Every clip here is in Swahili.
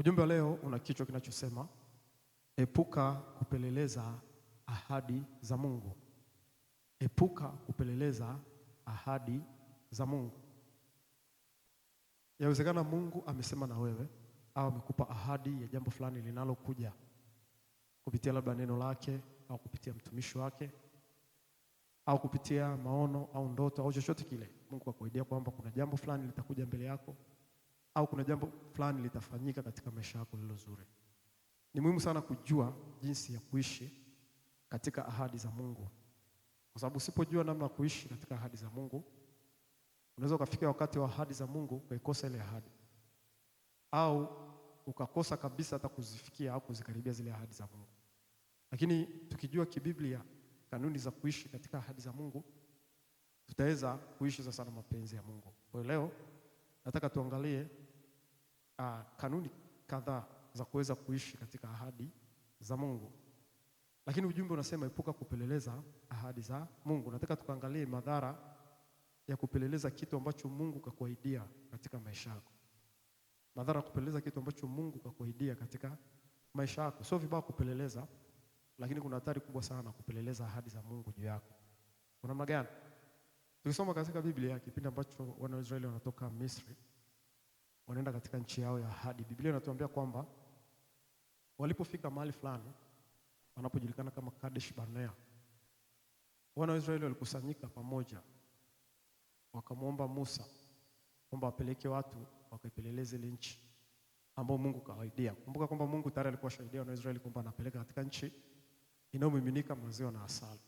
Ujumbe wa leo una kichwa kinachosema epuka kupeleleza ahadi za Mungu. Epuka kupeleleza ahadi za Mungu. Yawezekana Mungu amesema na wewe au amekupa ahadi ya jambo fulani linalokuja kupitia labda neno lake au kupitia mtumishi wake au kupitia maono au ndoto au chochote kile. Mungu akakuahidia kwamba kuna jambo fulani litakuja mbele yako au kuna jambo fulani litafanyika katika maisha yako lilo zuri. Ni muhimu sana kujua jinsi ya kuishi katika ahadi za Mungu, kwa sababu usipojua namna ya kuishi katika ahadi za Mungu, unaweza ukafika wakati wa ahadi za Mungu ukaikosa ile ahadi, au ukakosa kabisa hata kuzifikia au kuzikaribia zile ahadi za Mungu. Lakini tukijua kibiblia kanuni za kuishi katika ahadi za Mungu, tutaweza kuishi sasa na mapenzi ya Mungu. Kwa leo nataka tuangalie uh, kanuni kadhaa za kuweza kuishi katika ahadi za Mungu, lakini ujumbe unasema epuka kupeleleza ahadi za Mungu. Nataka tukaangalie madhara ya kupeleleza kitu ambacho Mungu kakuahidia katika maisha yako. Madhara ya kupeleleza kitu ambacho Mungu kakuahidia katika maisha yako. Sio vibaya kupeleleza, lakini kuna hatari kubwa sana kupeleleza ahadi za Mungu juu yako. Kwa namna gani? Tukisoma katika Biblia kipindi ambacho Israeli wanatoka Misri wanaenda katika nchi yao ya ahadi. Biblia inatuambia kwamba walipofika mahali fulani wanapojulikana kama Kadesh Barnea, wana wa Israeli walikusanyika pamoja, wakamwomba Musa kwamba wapeleke watu wakaipeleleze ile nchi ambao Mungu kawaidia. Kumbuka kwamba Mungu tayari alikuwa shahidia wana Israeli kwamba anapeleka katika nchi inayomiminika maziwa na asali,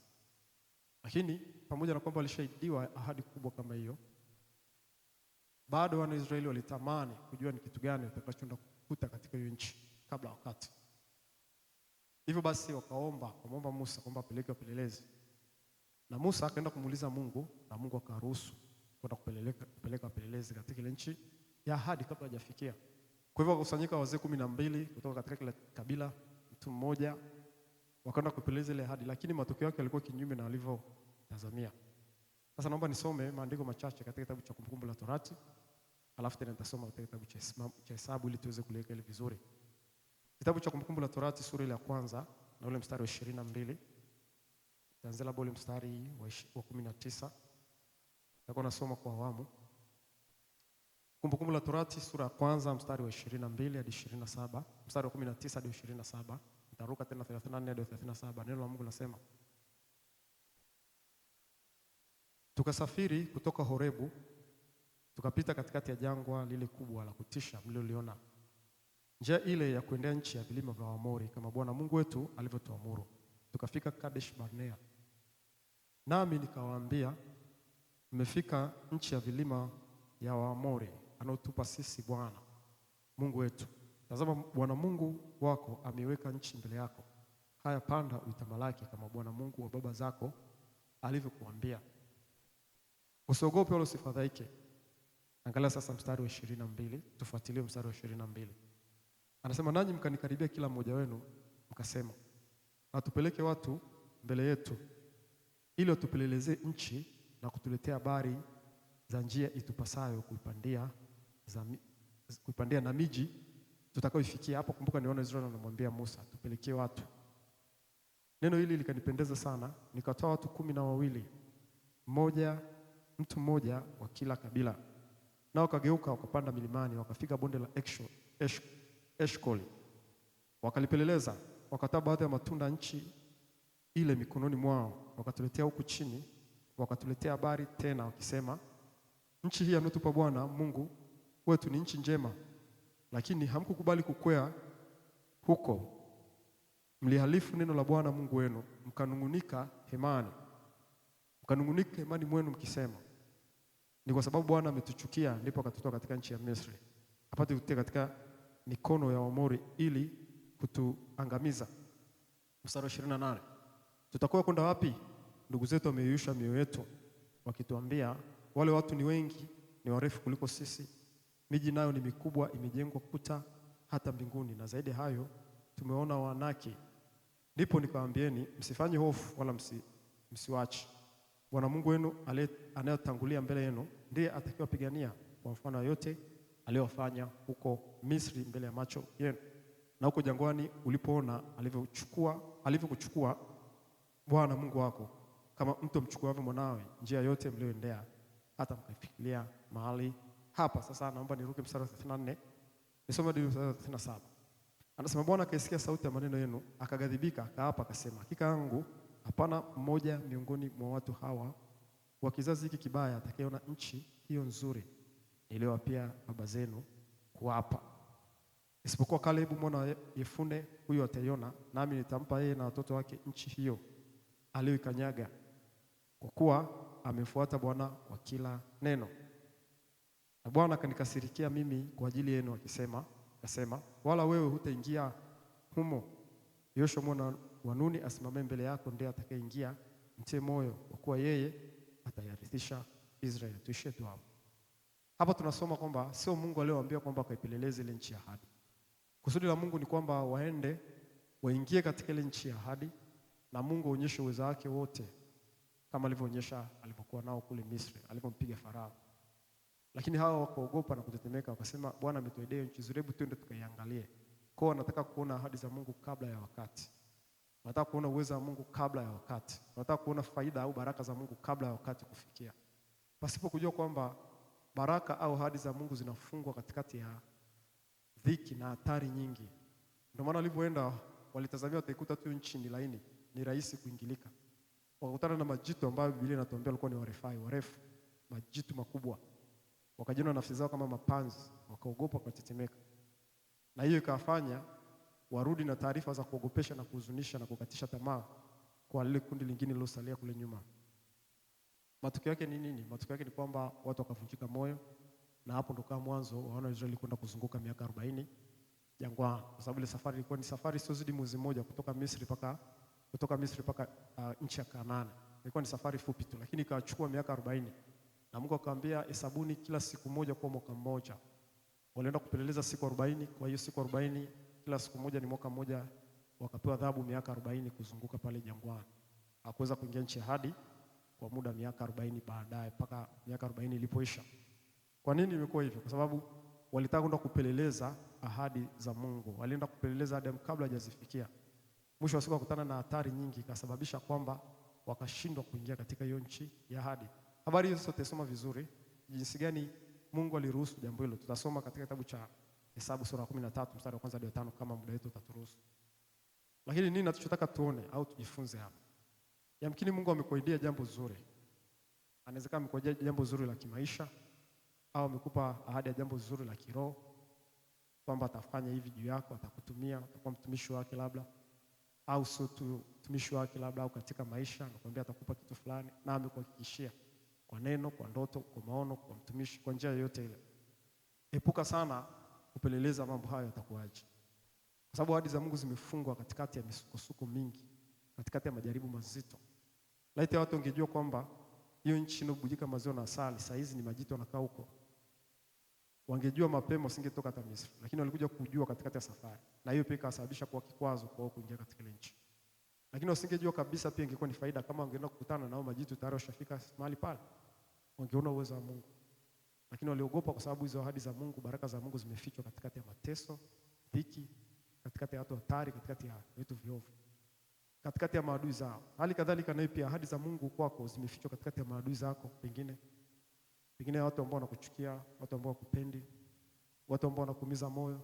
lakini pamoja na kwamba walishahidiwa ahadi kubwa kama hiyo bado wana Israeli walitamani kujua ni kitu gani utakachoenda kukuta katika hiyo nchi kabla wakati. Hivyo basi wakaomba, wakamwomba Musa kwamba apeleke wapelelezi, na Musa akaenda kumuuliza Mungu na Mungu akaruhusu kwenda kupeleka wapelelezi katika ile nchi ya ahadi kabla hajafikia. Kwa hivyo wakakusanyika wazee kumi na mbili kutoka katika kila kabila mtu mmoja, wakaenda kupeleleza ile ahadi, lakini matokeo yake yalikuwa kinyume na walivyotazamia. Sasa naomba nisome maandiko machache katika kitabu cha Kumbukumbu la Torati alafu tena nitasoma katika kitabu cha Hesabu ili tuweze kuliweka ile vizuri. Kitabu cha Kumbukumbu la Torati sura ile ya kwanza na ule mstari wa ishirini na mbili taanzia labda ule mstari wa kumi na tisa nitakuwa nasoma kwa awamu. Kumbukumbu la Torati sura ya kwanza mstari wa ishirini na mbili hadi ishirini na saba mstari wa kumi na tisa hadi ishirini na saba nitaruka tena thelathini na nne hadi thelathini na saba Neno la Mungu nasema tukasafiri kutoka Horebu Tukapita katikati ya jangwa lile kubwa la kutisha mlioliona njia ile ya kuendea nchi ya vilima vya Waamori kama Bwana Mungu wetu alivyotuamuru. Tukafika Kadesh Barnea, nami nikawaambia, mmefika nchi ya vilima ya Waamori anaotupa sisi Bwana Mungu wetu. Tazama, Bwana Mungu wako ameiweka nchi mbele yako. Haya, panda uitamalaki kama Bwana Mungu wa baba zako alivyokuambia. Usiogope wala usifadhaike. Angalia sasa mstari wa ishirini na mbili, tufuatilie mstari wa ishirini na mbili. Anasema nanyi mkanikaribia kila mmoja wenu mkasema, natupeleke watu mbele yetu ili watupelelezee nchi na kutuletea habari za njia itupasayo kuipandia, za, kuipandia na miji tutakaoifikia. Hapo kumbuka niona Israeli anamwambia Musa, tupelekee watu. Neno hili likanipendeza sana, nikatoa watu kumi na wawili, mmoja mtu mmoja wa kila kabila nao wakageuka wakapanda milimani, wakafika bonde la Eshkoli, wakalipeleleza, wakataa baadhi ya matunda nchi ile mikononi mwao, wakatuletea huku chini, wakatuletea habari tena wakisema, nchi hii amnatupa Bwana Mungu wetu ni nchi njema, lakini hamkukubali kukwea huko, mlihalifu neno la Bwana Mungu wenu, mkanungunika hemani, mkanungunika hemani mwenu mkisema ni kwa sababu Bwana ametuchukia ndipo akatutoa katika nchi ya Misri, apate kutia katika mikono ya Waamori ili kutuangamiza. Mstari wa 28, tutakuwa kwenda wapi? Ndugu zetu wameyusha mioyo yetu wakituambia, wale watu ni wengi, ni warefu kuliko sisi, miji nayo ni mikubwa, imejengwa kuta hata mbinguni, na zaidi hayo tumeona wanake. Ndipo nikawaambieni msifanye hofu, wala msi, Bwana Mungu wenu anayetangulia mbele yenu ndiye atakayopigania kwa mfano yote aliyofanya huko Misri mbele ya macho yenu, na huko jangwani ulipoona alivyochukua alivyokuchukua Bwana Mungu wako kama mtu mchukuavyo mwanawe, njia yote mlioendea hata mkafikilia mahali hapa. Sasa naomba niruke mstari wa 34 nisome hadi mstari wa 37. Anasema Bwana akaisikia sauti ya maneno yenu, akaghadhibika, akaapa, akasema hakika yangu Hapana mmoja miongoni mwa watu hawa wa kizazi hiki kibaya atakayeona nchi hiyo nzuri niliyowapia baba zenu kuwapa, isipokuwa Kalebu mwana wa Yefune, huyo ataiona, nami nitampa yeye na watoto wake nchi hiyo aliyoikanyaga, kwa kuwa amefuata Bwana kwa kila neno. Na Bwana akanikasirikia mimi kwa ajili yenu, akisema, akasema, wala wewe hutaingia humo. Yoshua mwana wanuni asimame mbele yako ndiye atakayeingia, mtie moyo kwa kuwa yeye atayarithisha Israeli. Tuishie tu hapo. Hapa tunasoma kwamba sio Mungu aliyowaambia kwamba kaipeleleze ile nchi ya ahadi. Kusudi la Mungu ni kwamba waende waingie katika ile nchi ya ahadi, na Mungu aonyeshe uwezo wake wote, kama alivyoonyesha alipokuwa nao kule Misri, alipompiga Farao. Lakini hawa wakaogopa na kutetemeka, wakasema Bwana ametuahidia nchi nzuri, hebu tuende tukaiangalie. Kwao wanataka kuona ahadi za Mungu kabla ya wakati. Unataka kuona uwezo wa Mungu kabla ya wakati. Unataka kuona faida au baraka za Mungu kabla ya wakati kufikia. Pasipo kujua kwamba baraka au ahadi za Mungu zinafungwa katikati ya dhiki na hatari nyingi. Ndio maana walivyoenda walitazamia wataikuta tu nchi ni laini, ni rahisi kuingilika. Wakakutana na majitu ambayo Biblia inatuambia walikuwa ni warefai, warefu, majitu makubwa. Wakajiona nafsi zao kama mapanzi, wakaogopa, wakatetemeka. Na hiyo ikawafanya warudi na taarifa za kuogopesha na kuhuzunisha na kukatisha tamaa kwa lile kundi lingine lilosalia kule nyuma. Matokeo yake ni nini? Matokeo yake ni kwamba watu wakavunjika moyo, na hapo ndo kama mwanzo waona Israeli kwenda kuzunguka miaka 40 jangwa, kwa sababu ile safari ilikuwa ni safari sio zidi mwezi mmoja kutoka Misri paka kutoka Misri paka uh, nchi ya Kanaani. Ilikuwa ni safari fupi tu, lakini ikachukua miaka 40. Na Mungu akamwambia hesabuni kila siku moja kwa mwaka mmoja. Walienda kupeleleza siku 40, kwa hiyo siku 40 kila siku moja ni mwaka mmoja, wakapewa adhabu miaka 40 kuzunguka pale jangwani. Hakuweza kuingia nchi hadi kwa muda miaka 40 baadaye mpaka miaka 40 ilipoisha. Kwa nini imekuwa hivyo? Kwa sababu walitaka kwenda kupeleleza ahadi za Mungu, walienda kupeleleza Adam kabla hajazifikia. Mwisho wa siku wakutana na hatari nyingi, ikasababisha kwamba wakashindwa kuingia katika hiyo nchi ya ahadi. Habari hizo sote soma vizuri, jinsi gani Mungu aliruhusu jambo hilo, tutasoma katika kitabu cha Hesabu sura ya 13 mstari wa kwanza hadi tano kama muda wetu utaturuhusu. Lakini nini tunachotaka tuone au tujifunze hapa? Yamkini Mungu amekuahidia jambo zuri. Anawezekana amekuahidia jambo zuri la kimaisha au amekupa ahadi ya jambo zuri la kiroho kwamba atafanya hivi juu yako, atakutumia, utakuwa mtumishi wake labda au sio tu mtumishi wake labda au katika maisha anakuambia atakupa kitu fulani na amekuhakikishia kwa neno, kwa ndoto, kwa maono, kwa mtumishi, kwa njia yoyote ile. Epuka sana kupeleleza mambo hayo yatakuaje, kwa sababu ahadi za Mungu zimefungwa katikati ya misukosuko mingi, katikati ya majaribu mazito. Laiti watu wangejua kwamba hiyo nchi inobujika maziwa na asali, saa hizi ni majito wanakaa huko, wangejua mapema, usingetoka hata Misri, lakini walikuja kujua katikati ya safari, na hiyo pia ikasababisha kuwa kikwazo kwao kuingia katika ile nchi. Lakini wasingejua kabisa, pia ingekuwa ni faida kama wangeenda kukutana nao majitu, tayari washafika mahali pale, wangeona uwezo wa Mungu lakini waliogopa kwa sababu hizo ahadi za Mungu, baraka za Mungu zimefichwa katikati ya mateso, dhiki, katikati ya watu hatari, katikati ya vitu viovu, katikati ya maadui zao. Hali kadhalika nayo pia ahadi za Mungu kwako zimefichwa katikati ya maadui zako, pengine pengine watu ambao wanakuchukia, watu ambao wakupendi, watu ambao wanakuumiza moyo.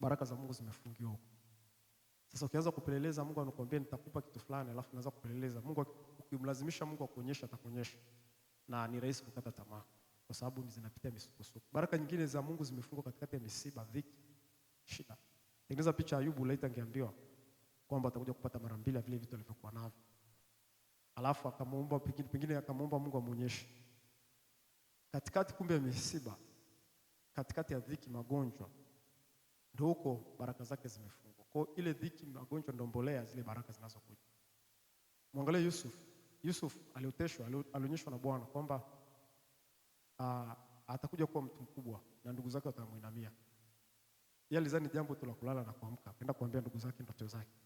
Baraka za Mungu zimefungiwa huko. Sasa ukianza kupeleleza, Mungu anakuambia nitakupa kitu fulani, alafu unaanza kupeleleza Mungu, ukimlazimisha Mungu akuonyesha, atakuonyesha, na ni rahisi kukata tamaa kwa sababu zinapitia misukosuko. Baraka nyingine za Mungu zimefungwa katikati ya misiba, dhiki, shida. Tengeneza picha ya Ayubu, laita angeambiwa kwamba atakuja kupata mara mbili vile vitu alivyokuwa navyo. Alafu akamuomba pengine pengine akamuomba Mungu amuonyeshe. Katikati kumbe ya misiba, katikati ya dhiki, magonjwa ndio huko baraka zake zimefungwa. Kwa ile dhiki, magonjwa ndio mbolea zile baraka zinazokuja. Mwangalie Yusuf. Yusuf alioteshwa, alionyeshwa na Bwana kwamba aa, ah, atakuja kuwa mtu mkubwa na ndugu zake watamuinamia. Yeye alizani jambo tu la kulala na kuamka, akaenda kuambia ndugu zake ndoto zake.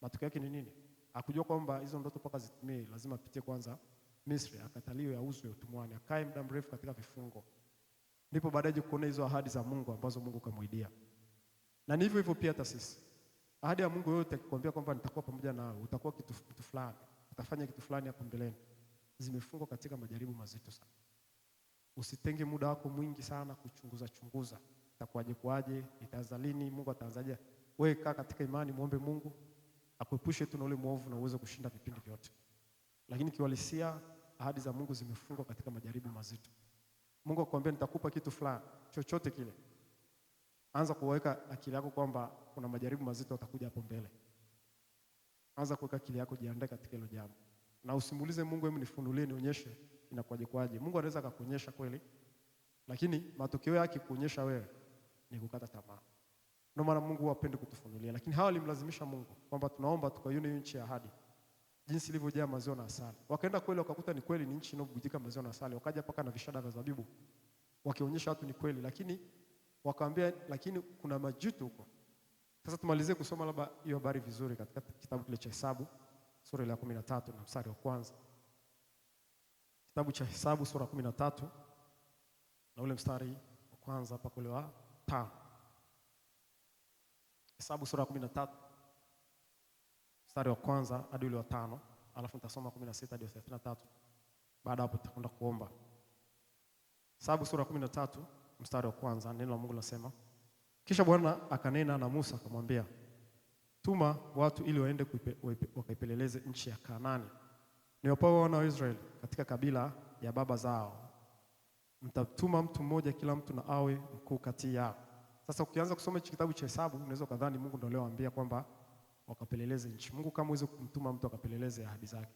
Matokeo yake ni nini? Akujua kwamba hizo ndoto mpaka zitimie lazima apitie kwanza Misri, akataliwe, auzwe utumwani, akae muda mrefu katika vifungo. Ndipo baadaye kuona hizo ahadi za Mungu ambazo Mungu kamwidia. Na ni hivyo hivyo pia hata sisi. Ahadi ya Mungu yote akikwambia kwamba nitakuwa pamoja nawe, utakuwa kitu, kitu fulani, utafanya kitu fulani hapo mbeleni. Zimefungwa katika majaribu mazito sana. Usitenge muda wako mwingi sana kuchunguza chunguza, itakuwaje kuaje, itaanza lini, Mungu ataanzaje. Wewe kaa katika imani, muombe Mungu akuepushe tu na ule mwovu na uweze kushinda vipindi vyote. Lakini kiwalisia, ahadi za Mungu zimefungwa katika majaribu mazito. Mungu akwambia nitakupa kitu fulani, chochote kile. Anza kuweka akili yako kwamba kuna majaribu mazito atakuja hapo mbele. Anza kuweka akili yako, jiandae katika hilo jambo. Na usimulize Mungu, hebu nifunulie, nionyeshe inakuwaje kwaje. Mungu anaweza akakuonyesha kweli, lakini matokeo yake kuonyesha wewe ni kukata tamaa. Ndio maana Mungu hupendi kutufunulia, lakini hawa walimlazimisha Mungu kwamba tunaomba tukaione hiyo nchi ya ahadi jinsi ilivyojaa maziwa na asali. Wakaenda kweli, wakakuta ni kweli ni nchi inayobubujika maziwa na asali. Wakaja paka na vishada vya zabibu, wakionyesha watu ni kweli, lakini wakaambia, lakini kuna majuto huko. Sasa tumalizie kusoma labda hiyo habari vizuri katika kitabu kile cha Hesabu sura ya 13 na mstari wa kwanza. Kitabu cha Hesabu sura kumi na tatu na ule mstari wa kwanza mpaka ule wa tano. Hesabu sura ya kumi na tatu mstari wa kwanza hadi ule wa tano, alafu nitasoma kumi na sita hadi thelathini na tatu. Baada hapo tutakwenda kuomba. Hesabu sura ya kumi na tatu mstari wa kwanza, neno la Mungu linasema, kisha Bwana akanena na Musa akamwambia, tuma watu ili waende wakaipeleleze nchi ya Kanaani Niwapae wana wa Israeli katika kabila ya baba zao, mtatuma mtu mmoja, kila mtu na awe mkuu kati yao. Sasa ukianza kusoma hichi kitabu cha Hesabu unaweza kadhani Mungu ndio aliowaambia kwamba wakapeleleze nchi. Mungu kama uweze kumtuma mtu akapeleleze ahadi zake.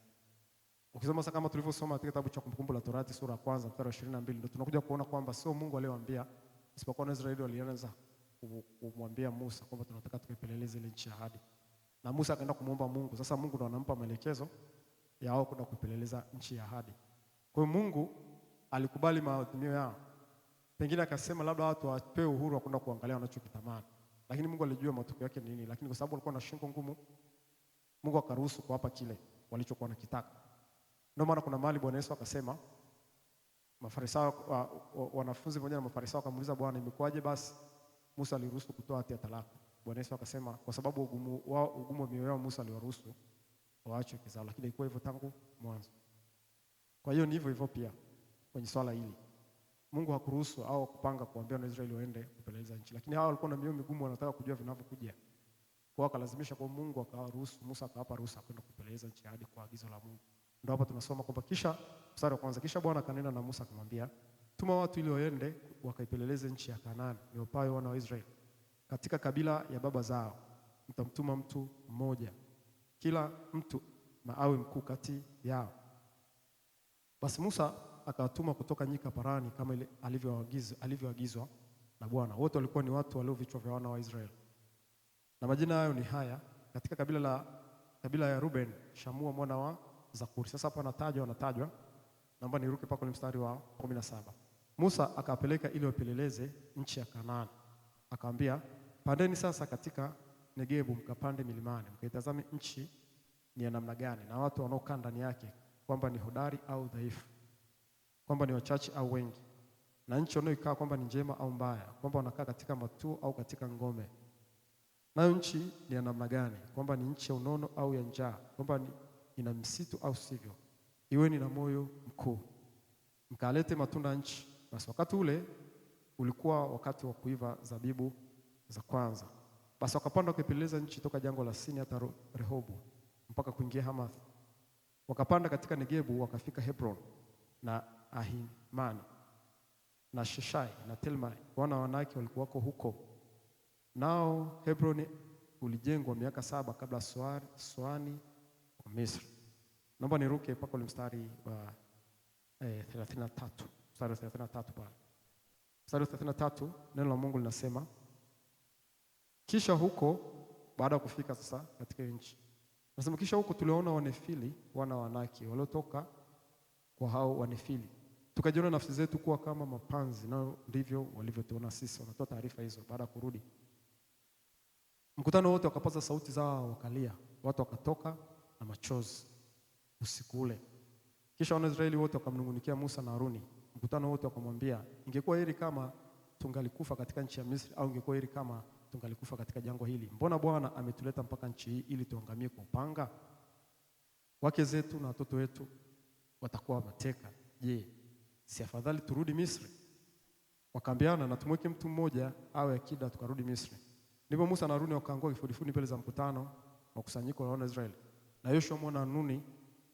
Ukisoma sasa kama tulivyosoma katika kitabu cha Kumbukumbu la Torati sura ya kwanza mstari wa 22 ndio tunakuja kuona kwamba sio Mungu aliyowaambia, isipokuwa na Israeli walianza kumwambia Musa kwamba tunataka tukapeleleze ile nchi ya ahadi. Na Musa akaenda kumuomba Mungu. Sasa Mungu ndo anampa maelekezo ya wao kwenda kupeleleza nchi ya ahadi. Kwa hiyo Mungu alikubali maadhimio yao, pengine akasema labda watu wapewe uhuru wa kwenda kuangalia wanachokitamani, lakini Mungu alijua matokeo yake ni nini. Lakini kwa sababu walikuwa na shingo ngumu, Mungu akaruhusu kuwapa kile walichokuwa nakitaka. Ndio maana kuna mahali Bwana Yesu akasema Mafarisayo, wa, wa, wanafunzi pamoja na Mafarisayo wakamuuliza Bwana, imekuwaje basi Musa aliruhusu kutoa hati ya talaka? Bwana Yesu akasema kwa sababu ugumu wa mioyo yao Musa aliwaruhusu waache kizao, lakini ilikuwa hivyo tangu mwanzo. Kwa hiyo ni hivyo hivyo pia kwenye swala hili. Mungu hakuruhusu au kupanga kuambia na Israeli waende kupeleleza nchi, lakini hao walikuwa na mioyo migumu, wanataka kujua vinavyokuja kwa akalazimisha kwa Mungu akawaruhusu. Musa akawapa ruhusa kwenda kupeleleza nchi hadi kwa agizo la Mungu. Ndio hapa tunasoma kwamba kisha, mstari wa kwanza, kisha Bwana akanena na Musa akamwambia, tuma watu ili waende wakaipeleleze nchi ya Kanaani niwapayo wana wa Israeli katika kabila ya baba zao, mtamtuma mtu mmoja kila mtu na awe mkuu kati yao. Basi Musa akawatuma kutoka nyika parani kama ile alivyoagizwa alivyoagizwa na Bwana. Wote walikuwa ni watu walio vichwa vya wana wa Israeli, na majina hayo ni haya katika kabila la kabila ya Ruben, Shamua mwana wa Zakuri. Sasa hapa anatajwa anatajwa naomba niruke pako ni mstari wa 17. Musa akawapeleka ili wapeleleze nchi ya Kanaani, akawaambia, pandeni sasa katika Negebu, mkapande milimani, mkaitazame nchi ni ya namna gani na watu wanaokaa ndani yake, kwamba ni hodari au dhaifu, kwamba ni wachache au wengi, na nchi wanayoikaa kwamba ni njema au mbaya, kwamba wanakaa katika matuo au katika ngome. Nayo nchi ni ya namna gani? Kwamba ni nchi ya unono au ya njaa, kwamba ni ina msitu au sivyo? Iweni na moyo mkuu, mkalete matunda nchi. Basi wakati ule ulikuwa wakati wa kuiva zabibu za kwanza. Basi wakapanda wakipeleleza nchi toka jangwa la Sini hata Rehobu mpaka kuingia Hamathi. Wakapanda katika Negebu wakafika Hebron na Ahimani na Sheshai na Telmai wana wanawake walikuwako huko. Nao hebron ulijengwa miaka saba kabla Soani wa Misri. Naomba niruke mpaka ule mstari wa eh, 33. Mstari wa 33 pale. Mstari wa 33 neno la Mungu linasema kisha huko baada ya kufika sasa katika nchi nasema, kisha huko tuliona Wanefili wana wanake waliotoka kwa hao Wanefili, tukajiona nafsi zetu kuwa kama mapanzi, na ndivyo walivyotuona sisi. Wanatoa taarifa hizo baada ya kurudi. Mkutano wote wakapaza sauti zao, wakalia, watu wakatoka na machozi usiku ule. Kisha Wanaisraeli wote wakamnungunikia Musa na Haruni, mkutano wote wakamwambia, ingekuwa heri kama tungalikufa katika nchi ya Misri, au ingekuwa heri kama tungalikufa katika jangwa hili? Mbona Bwana ametuleta mpaka nchi hii ili tuangamie kwa upanga? Wake zetu na watoto wetu watakuwa mateka. Je, si afadhali turudi Misri? Wakaambiana, na tumweke mtu mmoja awe akida, tukarudi Misri. Ndipo Musa na Haruni wakaangua kifudifudi mbele za mkutano wa kusanyiko la wana Israeli, na Yoshua mwana wa Nuni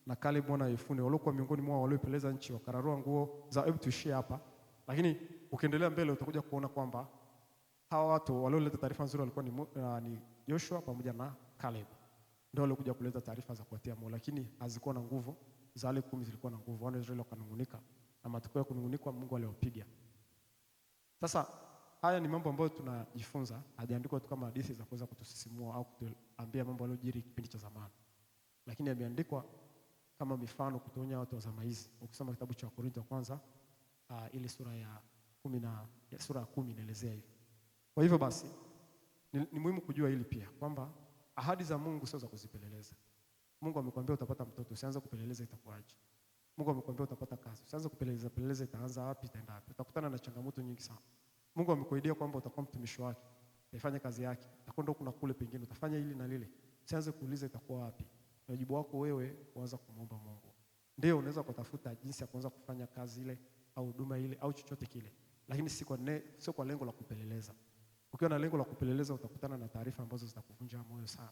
na Kaleb mwana wa Yefune waliokuwa miongoni mwao waliopeleza nchi, wakararua nguo za. Hebu tuishie hapa, lakini ukiendelea mbele utakuja kuona kwamba hawa watu walioleta taarifa nzuri walikuwa ni, uh, ni Joshua pamoja na Caleb. Ndio walikuja kuleta taarifa za kuwatia moyo, lakini hazikuwa na nguvu. Za wale kumi zilikuwa na nguvu, wana Israeli wakanungunika, na matokeo ya kunungunikwa Mungu aliwapiga. Sasa haya ni mambo ambayo tunajifunza, hajaandikwa tu kama hadithi za kuweza kutusisimua au kutuambia mambo yaliyojiri kipindi cha zamani, lakini yameandikwa kama mifano kutuonya watu wa zama hizi. Ukisoma kitabu cha Wakorintho wa kwanza, uh, ile sura ya kumi na sura ya kumi inaelezea hivi kwa hivyo basi ni, ni muhimu kujua hili pia kwamba ahadi za Mungu sio za kuzipeleleza. Mungu amekwambia utapata mtoto, usianze kupeleleza itakuwaje. Mungu amekwambia utapata kazi, usianze kupeleleza peleleza itaanza wapi itaenda wapi. Utakutana na changamoto nyingi sana. Mungu amekuahidia kwamba utakuwa mtumishi wake, utafanya kazi yake, utakwenda huko na kule, pengine utafanya hili na lile. Usianze kuuliza itakuwa wapi. Wajibu wako wewe kuanza kumwomba Mungu. Ndio unaweza kutafuta jinsi ya kuanza kufanya kazi ile au huduma ile au chochote kile, lakini si kwa, ne, si kwa lengo la kupeleleza. Ukiwa na lengo la kupeleleza utakutana na taarifa ambazo zitakuvunja moyo sana,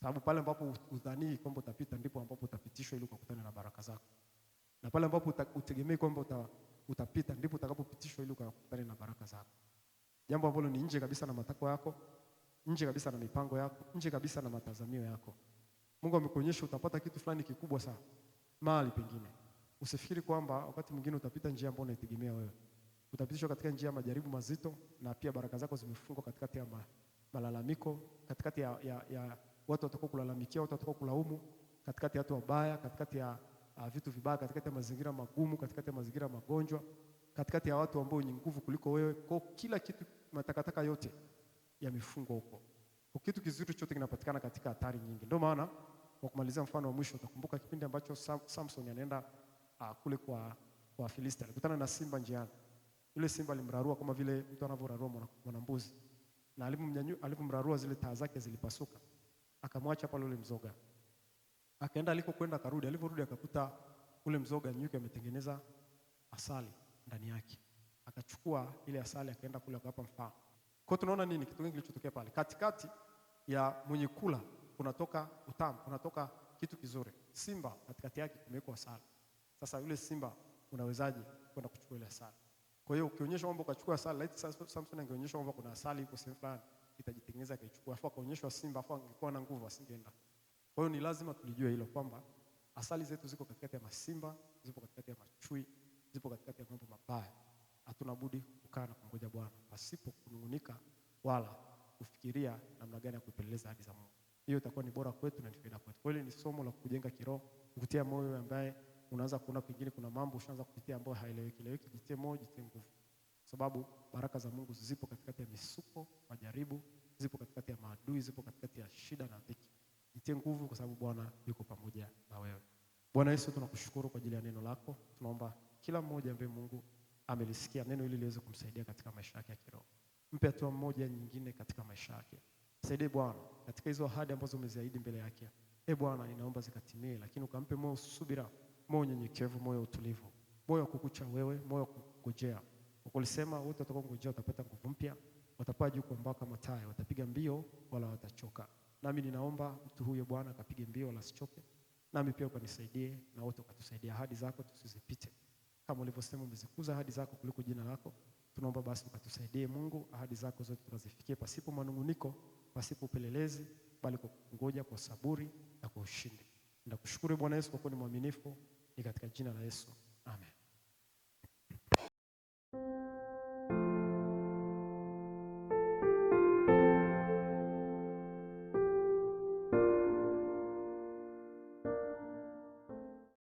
sababu pale ambapo udhani kwamba utapita ndipo ambapo utapitishwa ili ukakutana na baraka zako, na pale ambapo utegemei kwamba uta, utapita ndipo utakapopitishwa ili ukakutana na baraka zako, jambo ambalo ni nje kabisa na matakwa yako, nje kabisa na mipango yako, nje kabisa na matazamio yako. Mungu amekuonyesha utapata kitu fulani kikubwa sana mahali pengine. Usifikiri kwamba wakati mwingine utapita njia ambayo unaitegemea wewe utapitishwa katika njia ya majaribu mazito, na pia baraka zako zimefungwa katikati ya ma, malalamiko, katikati ya, ya, ya watu watakao kulalamikia, watu watakao kulaumu, katikati ya watu wabaya, katikati ya uh, vitu vibaya, katikati ya mazingira magumu, katikati ya mazingira magonjwa, katikati ya watu ambao wenye nguvu kuliko wewe. Kwa kila kitu, matakataka yote yamefungwa huko. kwa Kitu kizuri chote kinapatikana katika hatari nyingi. Ndio maana kwa kumalizia, mfano wa mwisho utakumbuka kipindi ambacho Samson anaenda uh, kule kwa, kwa Filisti alikutana na simba njiani. Yule simba alimrarua kama vile mtu anavyorarua mwanambuzi, na alivyomrarua zile taa zake zilipasuka, akamwacha pale ule mzoga. Akaenda aliko kwenda, akarudi. Alivyorudi akakuta ule mzoga nyuki ametengeneza asali ndani yake, akachukua ile asali akaenda kule akapa mfano. Kwa tunaona nini, kitu gani kilichotokea pale? Katikati ya mwenye kula kunatoka utamu, kunatoka kitu kizuri. Simba katikati yake kumewekwa asali. Sasa yule simba unawezaje kwenda kuchukua ile asali? Kwa hiyo ukionyeshwa kwamba ukachukua asali, laiti Samson angeonyeshwa kwamba kuna asali iko sehemu fulani itajitengeneza akaichukua, afu akaonyeshwa simba, afu angekuwa na nguvu asingeenda. Kwa hiyo ni lazima tulijue hilo kwamba asali zetu ziko katikati ya masimba, zipo katikati ya machui, zipo katikati ya mambo mabaya. Hatuna budi kukaa na kumngoja Bwana pasipo kunungunika wala kufikiria namna gani ya kupeleleza ahadi za Mungu. Hiyo itakuwa ni bora kwetu na ni faida kwetu. Kwa hiyo ni somo la kujenga kiroho, kutia moyo ambaye unaanza kuona pengine kuna mambo ushaanza kupitia ambayo haeleweki leweki. Jitie moyo, jitie nguvu, sababu baraka za Mungu zipo katikati ya misuko, majaribu, zipo katikati ya maadui, zipo katikati ya shida na dhiki. Jitie nguvu, kwa sababu Bwana yuko pamoja na wewe. Bwana Yesu, tunakushukuru kwa ajili ya neno lako. Tunaomba kila mmoja ambaye Mungu amelisikia neno hili liweze kumsaidia katika maisha yake ya kiroho. Mpe hatua mmoja nyingine katika maisha yake. Saidie Bwana katika hizo ahadi ambazo umeziahidi mbele yake. E Bwana, ninaomba zikatimie, lakini ukampe moyo subira moyo unyenyekevu, moyo utulivu, moyo wa kukucha wewe, moyo wa kungojea. Ulisema wote watakaongojea watapata nguvu mpya, watapaa juu kwa mbao kama tai, watapiga mbio wala watachoka. Nami ninaomba mtu huyo Bwana akapige mbio wala asichoke, nami pia ukanisaidie na wote ukatusaidia. Ahadi zako tusizipite, kama ulivyosema umezikuza ahadi zako kuliko jina lako. Tunaomba basi ukatusaidie Mungu, ahadi zako zote tukazifikie pasipo manunguniko, pasipo upelelezi, bali kwa kungoja, kwa saburi na kwa ushindi. Nakushukuru Bwana Yesu kwa kuwa ni mwaminifu ni katika jina la Yesu, amen.